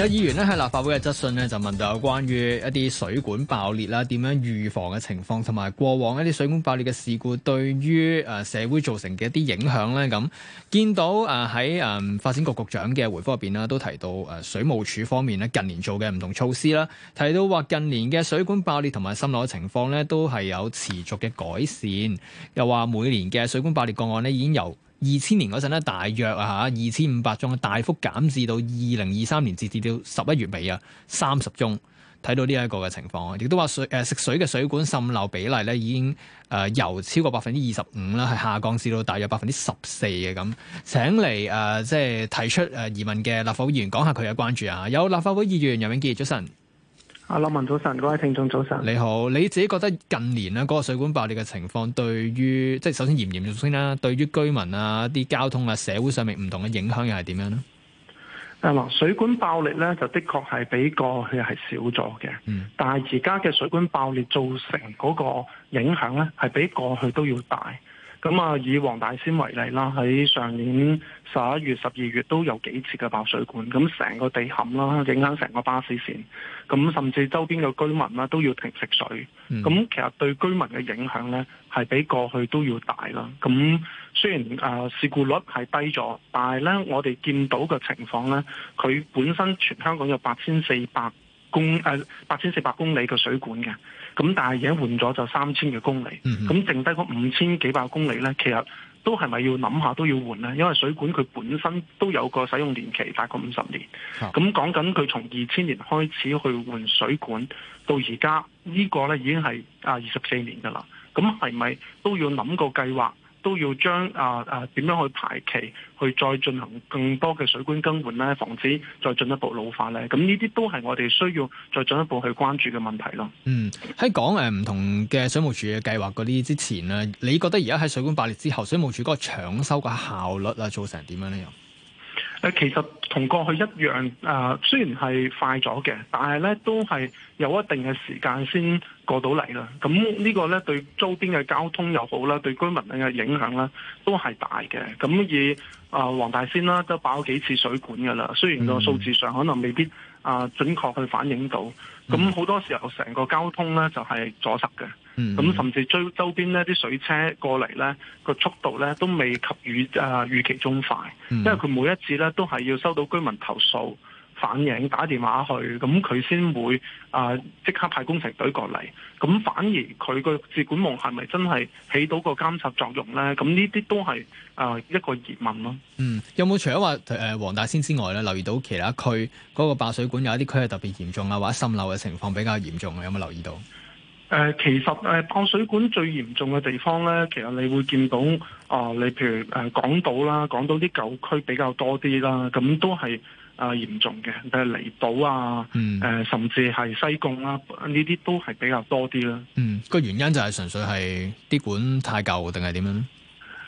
有議員咧喺立法會嘅質詢咧，就問到有關於一啲水管爆裂啦，點樣預防嘅情況，同埋過往一啲水管爆裂嘅事故對於誒社會造成嘅一啲影響咧。咁見到啊喺誒發展局局長嘅回覆入邊咧，都提到誒水務署方面咧近年做嘅唔同措施啦，提到話近年嘅水管爆裂同埋滲漏嘅情況咧，都係有持續嘅改善，又話每年嘅水管爆裂個案呢，已經由二千年嗰陣咧，大約啊嚇二千五百宗，大幅減至到二零二三年截至到十一月尾啊三十宗，睇到呢一個嘅情況，亦都話水誒食水嘅水管滲漏比例咧已經誒由超過百分之二十五啦，係下降至到大約百分之十四嘅咁。請嚟誒、呃、即係提出誒疑問嘅立法會議員講下佢嘅關注啊！有立法會議員楊永杰，早晨。阿林文早晨，各位聽眾早晨。你好，你自己覺得近年咧嗰個水管爆裂嘅情況，對於即係首先嚴唔嚴重先啦？對於居民啊、啲交通啊、社會上面唔同嘅影響又係點樣呢？阿林，水管爆裂咧就的確係比過去係少咗嘅，嗯，但係而家嘅水管爆裂造成嗰個影響咧，係比過去都要大。咁啊，嗯、以黃大仙為例啦，喺上年十一月、十二月都有幾次嘅爆水管，咁成個地陷啦，影響成個巴士線，咁甚至周邊嘅居民啦都要停食水。咁其實對居民嘅影響咧，係比過去都要大啦。咁雖然誒事故率係低咗，但係咧我哋見到嘅情況咧，佢本身全香港有八千四百公誒八千四百公里嘅水管嘅，咁但係而家換咗就三千嘅公里，咁、嗯、哼剩低嗰五千幾百公里呢，其實都係咪要諗下都要換呢？因為水管佢本身都有個使用年期，大概五十年。咁講緊佢從二千年開始去換水管，到而家呢個呢已經係啊二十四年㗎啦。咁係咪都要諗個計劃？都要將啊啊點樣去排期，去再進行更多嘅水管更換咧，防止再進一步老化咧。咁呢啲都係我哋需要再進一步去關注嘅問題咯。嗯，喺講誒唔同嘅水務署嘅計劃嗰啲之前咧，你覺得而家喺水管爆裂之後，水務署嗰個搶修嘅效率啊，做成點樣咧？又誒、呃，其實同過去一樣啊、呃，雖然係快咗嘅，但係咧都係有一定嘅時間先。過到嚟啦，咁呢個咧對周邊嘅交通又好啦，對居民嘅影響咧都係大嘅。咁以啊、呃、黃大仙啦都爆幾次水管㗎啦，雖然個數字上可能未必啊、呃、準確去反映到，咁好多時候成個交通咧就係、是、阻塞嘅。咁甚至周周邊呢啲水車過嚟咧個速度咧都未及預啊、呃、預期中快，因為佢每一次咧都係要收到居民投訴。反映打電話去，咁佢先會啊即、呃、刻派工程隊過嚟。咁反而佢個智管網係咪真係起到個監察作用咧？咁呢啲都係啊、呃、一個疑問咯、啊。嗯，有冇除咗話誒黃大仙之外咧，留意到其他區嗰個爆水管有一啲區係特別嚴重啊，或者滲漏嘅情況比較嚴重，有冇留意到？誒、呃，其實誒、呃、爆水管最嚴重嘅地方咧，其實你會見到啊、呃，你譬如誒港島啦，港島啲舊區比較多啲啦，咁都係。啊！嚴重嘅，例如離島啊，誒、嗯呃、甚至係西貢啦、啊，呢啲都係比較多啲啦。嗯，個原因就係純粹係啲管太舊定係點樣咧？誒、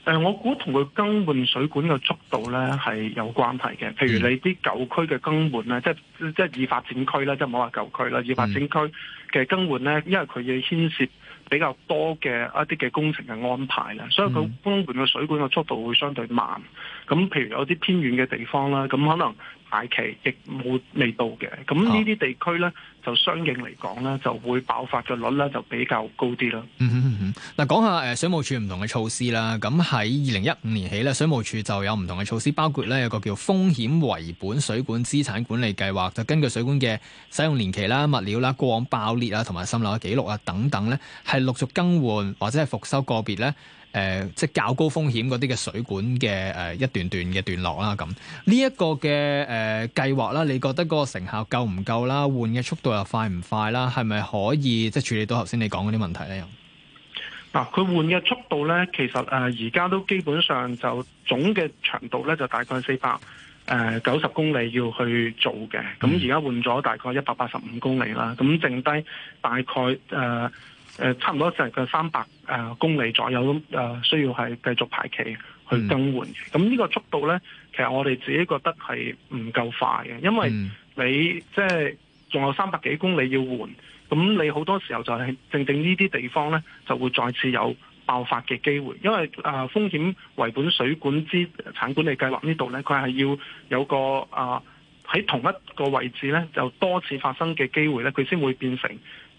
呃，我估同佢更換水管嘅速度咧係有關係嘅。譬如你啲舊區嘅更換咧、嗯，即係即係已發展區啦，即係冇話舊區啦，已發展區嘅更換咧，因為佢要牽涉比較多嘅一啲嘅工程嘅安排啦，所以佢更換嘅水管嘅速度會相對慢。咁、嗯、譬如有啲偏遠嘅地方啦，咁可能。大期亦冇未到嘅，咁呢啲地區呢，就相應嚟講咧就會爆發嘅率呢就比較高啲啦。嗱、嗯嗯嗯，講下誒水務署唔同嘅措施啦。咁喺二零一五年起呢，水務署就有唔同嘅措施，包括呢有個叫風險為本水管資產管理計劃，就根據水管嘅使用年期啦、物料啦、過往爆裂啊同埋滲漏嘅記錄啊等等呢，係陸續更換或者係復修個別呢。誒、呃，即係較高風險嗰啲嘅水管嘅誒、呃、一段段嘅段落啦，咁呢一個嘅誒、呃、計劃啦，你覺得嗰個成效夠唔夠啦？換嘅速度又快唔快啦？係咪可以即係處理到頭先你講嗰啲問題咧？又嗱，佢換嘅速度咧，其實誒而家都基本上就總嘅長度咧就大概四百誒九十公里要去做嘅，咁而家換咗大概一百八十五公里啦，咁剩低大概誒。呃差唔多就係佢三百公里左右，誒需要係繼續排期去更換。咁呢個速度咧，其實我哋自己覺得係唔夠快嘅，因為你即係仲有三百幾公里要換，咁你好多時候就係正正呢啲地方咧，就會再次有爆發嘅機會。因為誒、呃、風險為本水管資產管理計劃呢度咧，佢係要有個誒喺、呃、同一個位置咧，就多次發生嘅機會咧，佢先會變成。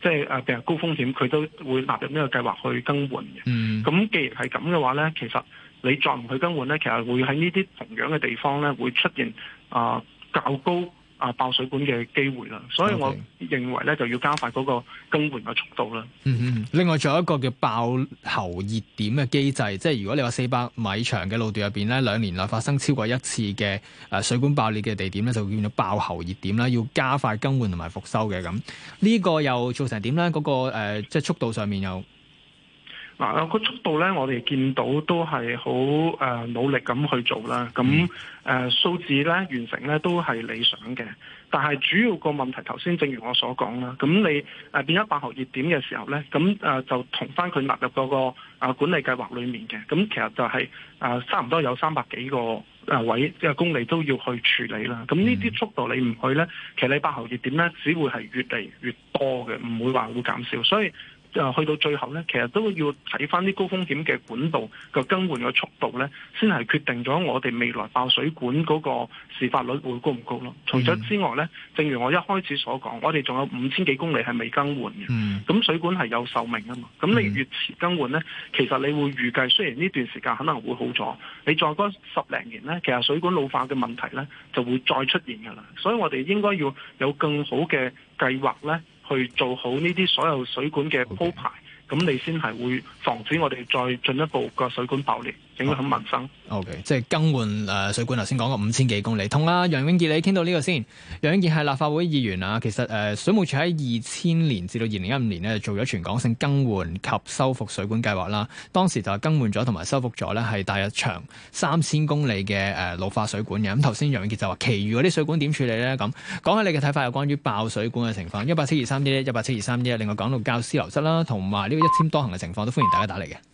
即係誒，譬如高風險，佢都會納入呢個計劃去更換嘅。咁、嗯、既然係咁嘅話咧，其實你再唔去更換咧，其實會喺呢啲同樣嘅地方咧，會出現啊、呃、較高。啊！爆水管嘅機會啦，所以我認為咧就要加快嗰個更換嘅速度啦。嗯嗯，另外仲有一個叫爆喉熱點嘅機制，即係如果你話四百米長嘅路段入邊咧，兩年內發生超過一次嘅誒水管爆裂嘅地點咧，就會變咗爆喉熱點啦，要加快更換同埋復修嘅咁。呢個又做成點咧？嗰、嗰個、呃、即係速度上面又？嗱，個速度咧，我哋見到都係好誒努力咁去做啦。咁誒、呃、數字咧完成咧都係理想嘅，但係主要個問題，頭先正如我所講啦。咁你誒變咗爆喉熱點嘅時候咧，咁誒、呃、就同翻佢納入嗰個管理計劃裏面嘅。咁其實就係、是、誒、呃、差唔多有三百幾個位即係公里都要去處理啦。咁呢啲速度你唔去咧，其實你爆喉熱點咧，只會係越嚟越多嘅，唔會話會減少，所以。去到最後呢，其實都要睇翻啲高風險嘅管道嘅更換嘅速度呢，先係決定咗我哋未來爆水管嗰個事發率會高唔高咯。除咗之外呢，正如我一開始所講，我哋仲有五千幾公里係未更換嘅，咁、嗯、水管係有壽命啊嘛。咁你越遲更換呢，其實你會預計雖然呢段時間可能會好咗，你再過十零年呢，其實水管老化嘅問題呢就會再出現㗎啦。所以我哋應該要有更好嘅計劃呢。去做好呢啲所有水管嘅鋪排，咁 Okay. 你先係會防止我哋再進一步個水管爆裂。整個很民生。O、okay. K，、okay. 即係更換水管過，頭先講過五千幾公里，同啦楊永杰，你傾到呢個先。楊永杰係立法會議員啊，其實誒、呃、水務署喺二千年至到二零一五年咧，做咗全港性更換及修復水管計劃啦。當時就係更換咗同埋修復咗咧，係大約長三千公里嘅、呃、老化水管嘅。咁頭先楊永杰就話，其餘嗰啲水管點處理咧？咁講下你嘅睇法，又關於爆水管嘅情況，一八七二三一，一八七二三一。另外講到教師流失啦，同埋呢個一簽多行嘅情況，都歡迎大家打嚟嘅。